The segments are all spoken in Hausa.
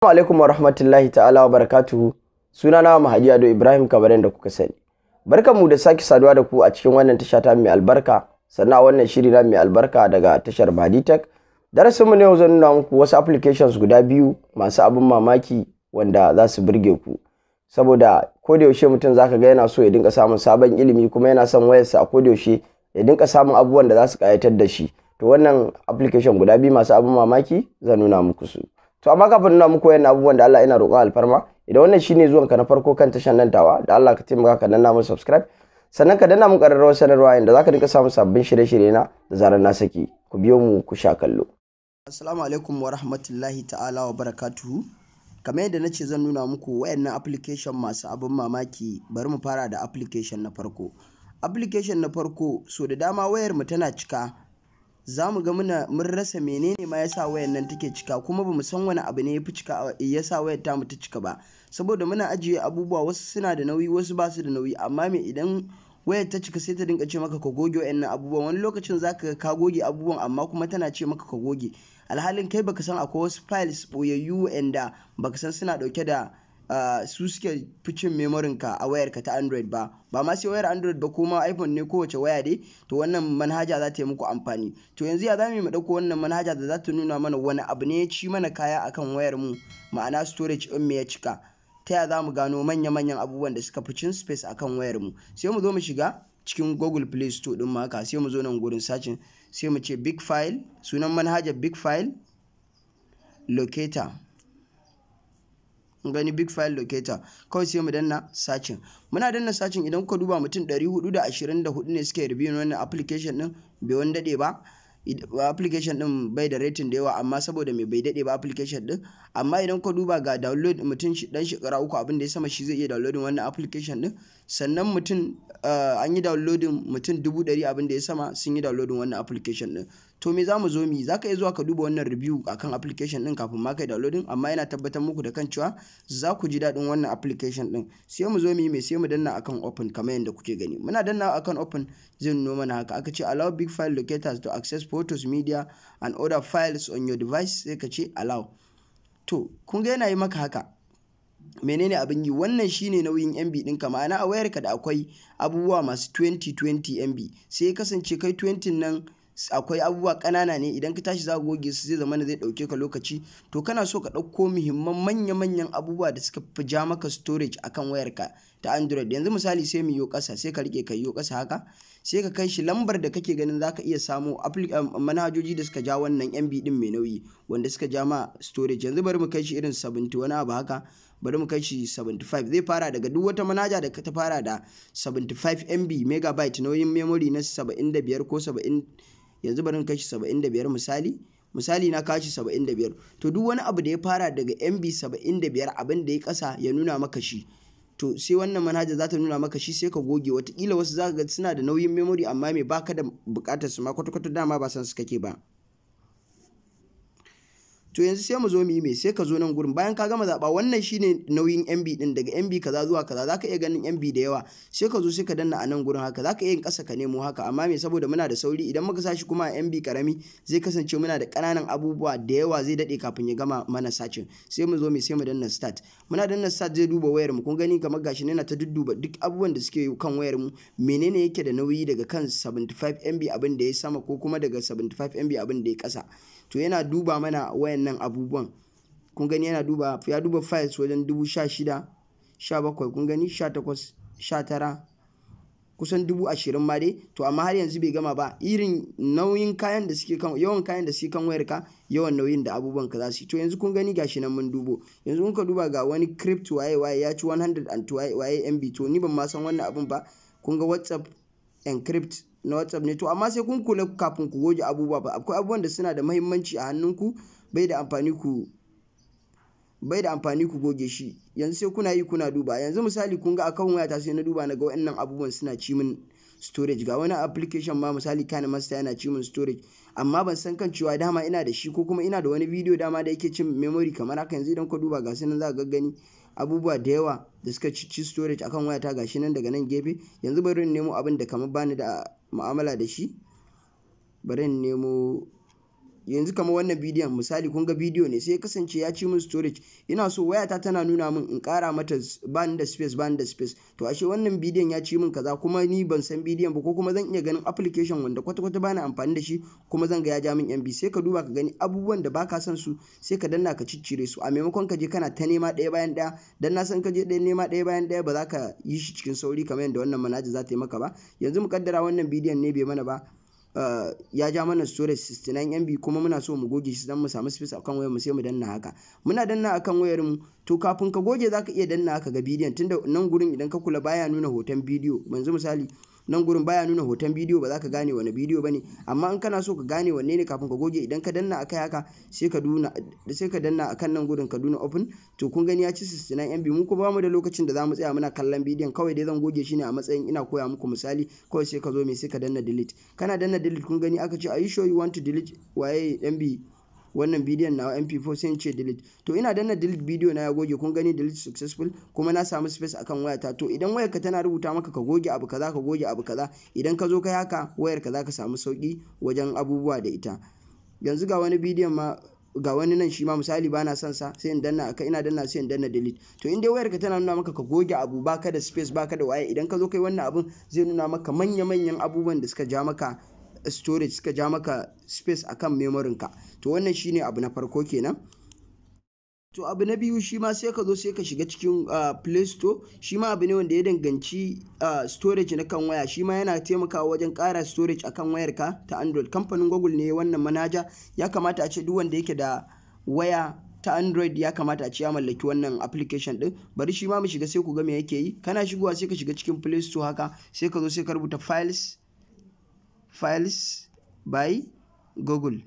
Assalamu alaikum warahmatullahi ta'ala wa barakatuhu. Sunana Mahadi do Ibrahim Kabarin da kuka sani. mu da sake saduwa da ku a cikin wannan tasha ta mai albarka, sannan wannan shiri na mai albarka daga tashar Mahadi Darasin mu ne yau zan nuna muku wasu applications guda biyu masu abin mamaki wanda za su burge ku. Saboda ko da yaushe mutum zaka ga yana so ya dinka samun sabon ilimi kuma yana son wayarsa a ko da yaushe ya dinka samun abubuwan da za su kayatar da shi. To wannan application guda biyu masu abin mamaki zan nuna muku su. to amma kafin nuna muku wayannan abubuwan da Allah ina roƙon alfarma idan wannan shine zuwan ka na farko kan tashan nan tawa da Allah ka taimaka ka danna mu subscribe sannan ka danna mun ƙararrawar sanarwa inda ka dinka samun sabbin shirye-shirye na da zarar na saki ku biyo mu ku sha kallo assalamu alaikum wa rahmatullahi ta'ala wa barakatuhu kamar yadda ce zan nuna muku wayannan application masu abin mamaki bari mu fara da application na farko application na farko so da dama wayar mu tana cika za mu ga muna mun rasa menene ma yasa wayar nan take cika kuma ba mu san wani abu ne fi cika yasa wayar ta ta cika ba saboda muna ajiye abubuwa wasu suna da nauyi wasu ba su da nauyi amma me idan wayar ta cika sai ta dinka ce maka ka goge wayannan abubuwan wani lokacin zaka ga ka goge abubuwan amma kuma tana ce maka ka goge alhalin kai baka san akwai wasu files boyayyu wayanda baka san suna dauke da Ah, su suke ficin memorin ka a wayar ka ta android ba ba ma sai wayar android ba kuma iphone ne kowace waya dai to wannan manhaja za ta yi muku amfani to yanzu ya zamu mu dauko wannan manhaja da za ta nuna mana wani abu ne ya ci mana kaya akan wayar mu ma'ana storage din me ya cika ta ya zamu gano manya-manyan abubuwan da suka ficin space akan wayar mu sai mu zo mu shiga cikin google play store din maka sai mu zo nan gurin searching sai mu ce big file sunan manhajar big file locator gani big file locator kawai sai mu danna sacin muna danna sacin idan kuka duba mutum 424 ne suke review wannan application din bai wani dade ba application din bai da rating da yawa amma saboda mai bai dade ba application din amma idan ka duba ga download mutum dan shekara uku abin da ya sama shi zai iya downloading wannan application din sannan mutum eh, an yi downloading mutum dubu ɗari abin da ya sama sun yi downloading wannan application ɗin to me za mu zo mi za ka iya zuwa ka duba wannan review akan application ɗin kafin ma kai downloading amma yana tabbatar muku da kan cewa za ku ji daɗin wannan application ɗin sai mu zo mi mai sai mu danna akan open kamar yadda kuke gani muna danna akan open zai nuno mana haka aka ce allow big file locators to access photos media and other files on your device sai ka ce allow to kun ga yana yi maka haka menene abin yi wannan shine nauyin mb ɗinka ma'ana a wayarka da akwai abubuwa masu 20 20 mb sai ya kasance kai 20 nan akwai abubuwa ƙanana ne idan ka tashi za ka goge su zai zama zai ɗauke ka lokaci to kana so ka ɗauko muhimman manya-manyan abubuwa da suka fi ja maka storage akan wayarka ta android yanzu misali sai mu yi kasa sai ka rike ka yi ƙasa haka sai ka kai shi lambar da kake ganin za ka iya samo eh, manhajoji da suka ja wannan mb din mai nauyi wanda suka ja ma storage yanzu bari mu kai shi irin 70 wani abu haka bari mu kai shi 75 zai fara daga duk wata manaja da ta fara da 75 mb megabyte nauyin memory na 75 ko 70 yanzu bari mu kai 75 misali misali na kashi 75 to duk wani abu da ya fara daga mb 75 abin da ya kasa ya nuna maka shi to sai wannan manhaja za ta nuna maka shi sai ka goge watakila wasu za ga suna da nauyin memory amma mai baka da bukatar su ma kwata-kwata dama ba san su kake ba to yanzu sai mu zo mu yi mai sai ka zo nan gurin bayan ka gama zaba wannan shine nauyin MB din daga MB kaza zuwa kaza zaka iya ganin MB da yawa sai ka zo sai ka danna a nan gurin haka zaka iya yin kasa ka nemo haka amma me saboda muna da sauri idan muka sashi kuma a MB karami zai kasance muna da kananan abubuwa da yawa zai dade kafin ya gama mana sacin sai mu zo mu sai mu danna start muna danna start zai duba wayar mu kun gani kamar gashi ne na ta dudduba duk abubuwan da suke kan wayar mu menene yake da nauyi daga kan 75 MB abin da ya sama ko kuma daga 75 MB abin da ya kasa. to yana duba mana wayannan abubuwan kun gani yana duba ya duba files wajen dubu sha shida sha bakwai kun gani sha takwas sha tara kusan dubu ashirin ma dai to amma har yanzu bai gama ba irin nauyin kayan da suke kan yawan kayan da suke kan wayar ka yawan nauyin da abubuwan ka za su to yanzu kun gani gashi nan mun dubo yanzu kun ka duba ga wani crypto waye waye ya ci 100 and waye mb to ni ban ma san wannan abun ba kun ga whatsapp encrypt na whatsapp ne to amma sai kun kula kafin ku goge abubuwa ba akwai abubuwan da suna da mahimmanci a hannunku bai da amfani ku bai da amfani ku goge shi yanzu sai kuna yi kuna duba yanzu misali kun ga akan wayata sai na duba na ga waɗannan abubuwan suna ci min storage ga wani application ma misali kana master yana ci min storage amma ban san kan cewa dama ina da shi ko kuma ina da wani bidiyo dama da yake cin memory kamar haka yanzu idan ka duba ga nan za ka gani abubuwa da yawa da suka ci storage akan waya ta gashi nan daga nan gefe yanzu bari in nemo abin da kamar bani da mu'amala da shi bari in nemo yanzu kamar wannan bidiyon misali kun ga bidiyo ne sai ya kasance ya ci min storage ina so wayata tana nuna min in kara mata ban da space ban da space to ashe wannan bidiyon ya ci min kaza kuma ni ban san bidiyon ba ko kuma zan iya ganin application wanda kwata kwata bana amfani da shi kuma zan ga ya ja min MB sai ka duba ka gani abubuwan da baka san su sai ka danna ka ciccire su a maimakon ka je kana ta nema daya bayan ɗaya dan na san ka je ɗaya nema ɗaya bayan ɗaya ba za ka yi shi cikin sauri kamar yadda wannan manaji za ta yi maka ba yanzu mu kaddara wannan bidiyon ne bai mana ba ya ja mana storage 69 MB kuma muna so mu goge shi dan mu samu space akan wayar mu sai mu danna haka muna danna akan wayar mu to kafin ka goge zaka iya danna haka ga bidiyon tunda nan gurin idan ka kula baya nuna hoton bidiyo yanzu misali nan gurin baya nuna hoton bidiyo ba za ka gane wani bidiyo ba ne amma in kana so ka gane wanne ne kafin ka goge idan ka danna akai haka sai ka danna akan nan gurin kaduna duna open to kun gani ya ci 69 MB mu ko ba da lokacin da za mu tsaya muna kallon bidiyon kawai dai zan goge shi ne a matsayin ina koya muku misali kawai sai ka zo mai sai ka danna delete kana danna delete kun gani aka ce are you sure you want to delete waye MB wannan bidiyon na mp4 sai ce delete to ina danna delete bidiyo na ya goge kun gani delete successful kuma na samu space akan wayata to idan wayar ka tana rubuta maka ka goge abu kaza ka goge abu kaza idan ka zo kai haka wayar ka zaka samu sauki wajen abubuwa da ita yanzu ga wani bidiyon ma ga wani nan shi ma misali bana son sa sai in danna aka ina danna sai in danna delete to in dai wayar ka tana nuna maka ka goge abu baka da space baka da waya idan ka zo kai wannan abun zai nuna maka manya manyan abubuwan da suka ja maka storage suka ja maka space akan memorin ka to wannan shine abu na farko kenan to abu na biyu shi ma sai ka zo sai ka shiga cikin ah, play store shi ma abu ne wanda ya danganci ah, storage na kan waya shi ma yana taimakawa wajen kara storage akan wayarka ta android kamfanin google ne wannan manaja ya kamata a ce duk wanda yake da waya ta android ya kamata a ce ya mallaki wannan application din bari shi ma mu shiga sai ku ga me yake yi kana shigowa sai ka shiga cikin play store haka sai ka zo sai ka rubuta files Files by Google.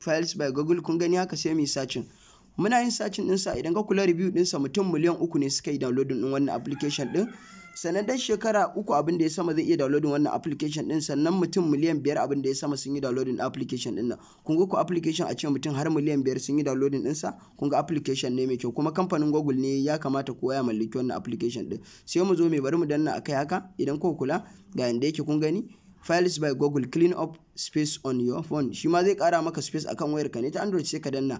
Files by Google kun gani haka sai mu yi searching. muna yin sacin ɗinsa idan ka kula review ɗinsa mutum miliyan uku ne suka yi downloading din wannan application ɗin sannan dan shekara uku abin da ya sama zai iya downloading wannan application din sannan mutum miliyan biyar abin da ya sama sun yi downloading application din nan kun ga ku application a ce mutum har miliyan biyar sun yi downloading din sa kun ga application ne mai kyau kuma kamfanin Google ne ya kamata kowa ya mallaki wannan application din sai mu zo mai bari mu danna akai haka idan ko kula ga yanda yake kun gani files by google clean up space on your phone shi ma zai kara maka space akan wayar ka ne ta android sai ka danna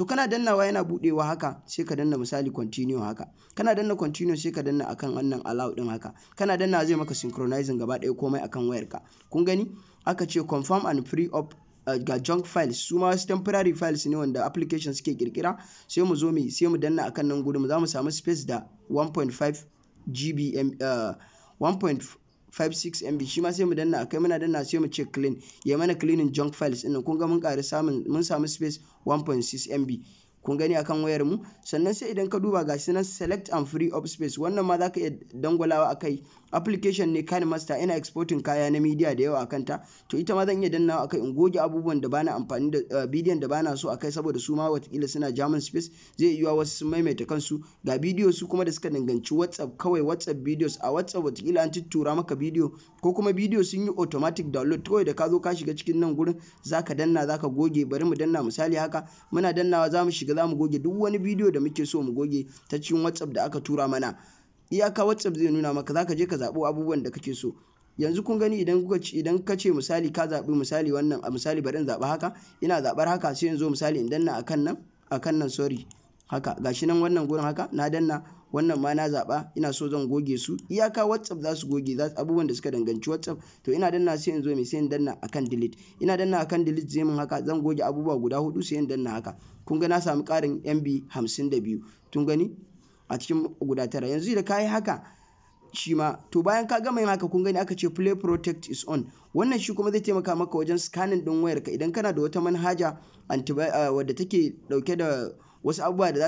to kana dannawa yana budewa haka sai ka danna misali continue haka kana danna continue sai ka danna akan wannan allow din haka kana danna zai maka synchronizing gaba ɗaya komai akan wayar ka kun gani aka ce confirm and free up eh, ga junk files su ma temporary files ne wanda application suke kirkira sai mu zo mu sai mu danna akan nan gudu mu za mu samu space da 1.5 gb 1.5 5 6 MB shi ma sai mu danna kai muna danna sai mu ce clean ya mana cleaning junk files din kun ga mun ƙari mun samu space 1.6 MB kun gani akan wayar mu sannan sai idan ka duba gashi nan select and free up space wannan ma ka iya dangwalawa akai application ne kan master ina exporting kaya na media da yawa akanta kanta to ita ma zan iya dannawa akai in goge abubuwan da bana amfani da eh, bidiyon da bana so akai saboda su ma watakila suna german space zai yiwa wasu sun maimaita kansu ga bidiyo su kuma da suka danganci whatsapp kawai whatsapp videos a whatsapp watakila an tuttura maka bidiyo ko kuma bidiyo sun yi automatic download kawai da ka zo ka shiga cikin nan gurin zaka danna zaka goge bari mu danna misali haka muna dannawa za mu shiga shiga za mu goge duk wani bidiyo da muke so mu goge ta cikin whatsapp da aka tura mana iyaka whatsapp zai nuna maka za ka je ka zaɓo abubuwan da kake so yanzu kun gani idan kuka idan ka ce misali ka zaɓi misali wannan a misali bari in haka ina zaɓar haka sai in zo misali in danna akan nan akan nan sorry haka gashi nan wannan gurin haka na danna wannan ma na zaɓa ina so zan goge su iyaka whatsapp za su goge za abubuwan da suka danganci whatsapp to ina danna sai in zo mai sai in danna akan delete ina danna akan delete zai min haka zan goge abubuwa guda hudu sai in danna haka kun ga na samu ƙarin mb 52 tun gani a cikin guda tara yanzu da kayi haka shi ma to bayan ka gama yin haka kun gani aka ce play protect is on wannan shi kuma zai taimaka maka wajen scanning din wayarka idan kana da wata manhaja eh, wadda take dauke da wasu abubuwa da eh,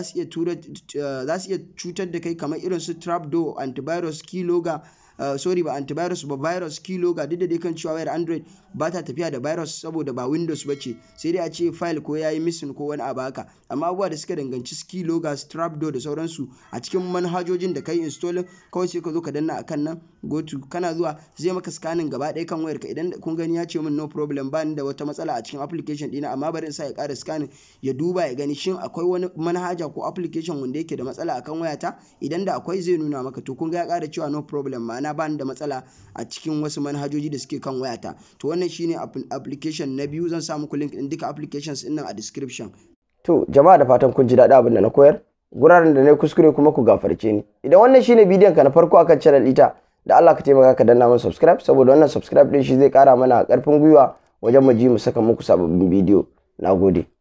za su iya cutar da kai kamar irin su trapdoor antivirus keylogger Eh, sorry ba antivirus ba virus kilo ga duk da dai kan cewa wayar android ba ta tafiya da virus saboda ba windows ba ce sai dai a ce file ko yayi missing ko wani abu haka amma abubuwa da suka danganci ski ga trapdoor da sauransu a cikin manhajojin da kai installing kawai sai ka zo ka danna akan nan go to kana zuwa zai maka scanning gaba ɗaya kan wayarka idan kun gani ya ce min no problem ba ni da wata matsala a cikin application dina amma bari in sa ya ƙara scanning ya duba ya gani shin akwai wani manhaja ko application wanda yake da matsala akan wayata idan da akwai zai nuna maka to kun ga ya ƙara cewa no problem ma'ana na ba ni da matsala a cikin wasu manhajoji da suke kan wayata to wannan shine application na biyu zan sa muku link din duka applications din nan a description to jama'a da fatan kun ji daɗi abin da na koyar guraren da na kuskure kuma ku gafarce ni idan wannan shine bidiyon ka na farko akan channel ita da Allah ka taimaka ka danna mana subscribe saboda wannan subscribe din shi zai kara mana karfin gwiwa wajen mu ji mu saka muku sababbin bidiyo nagode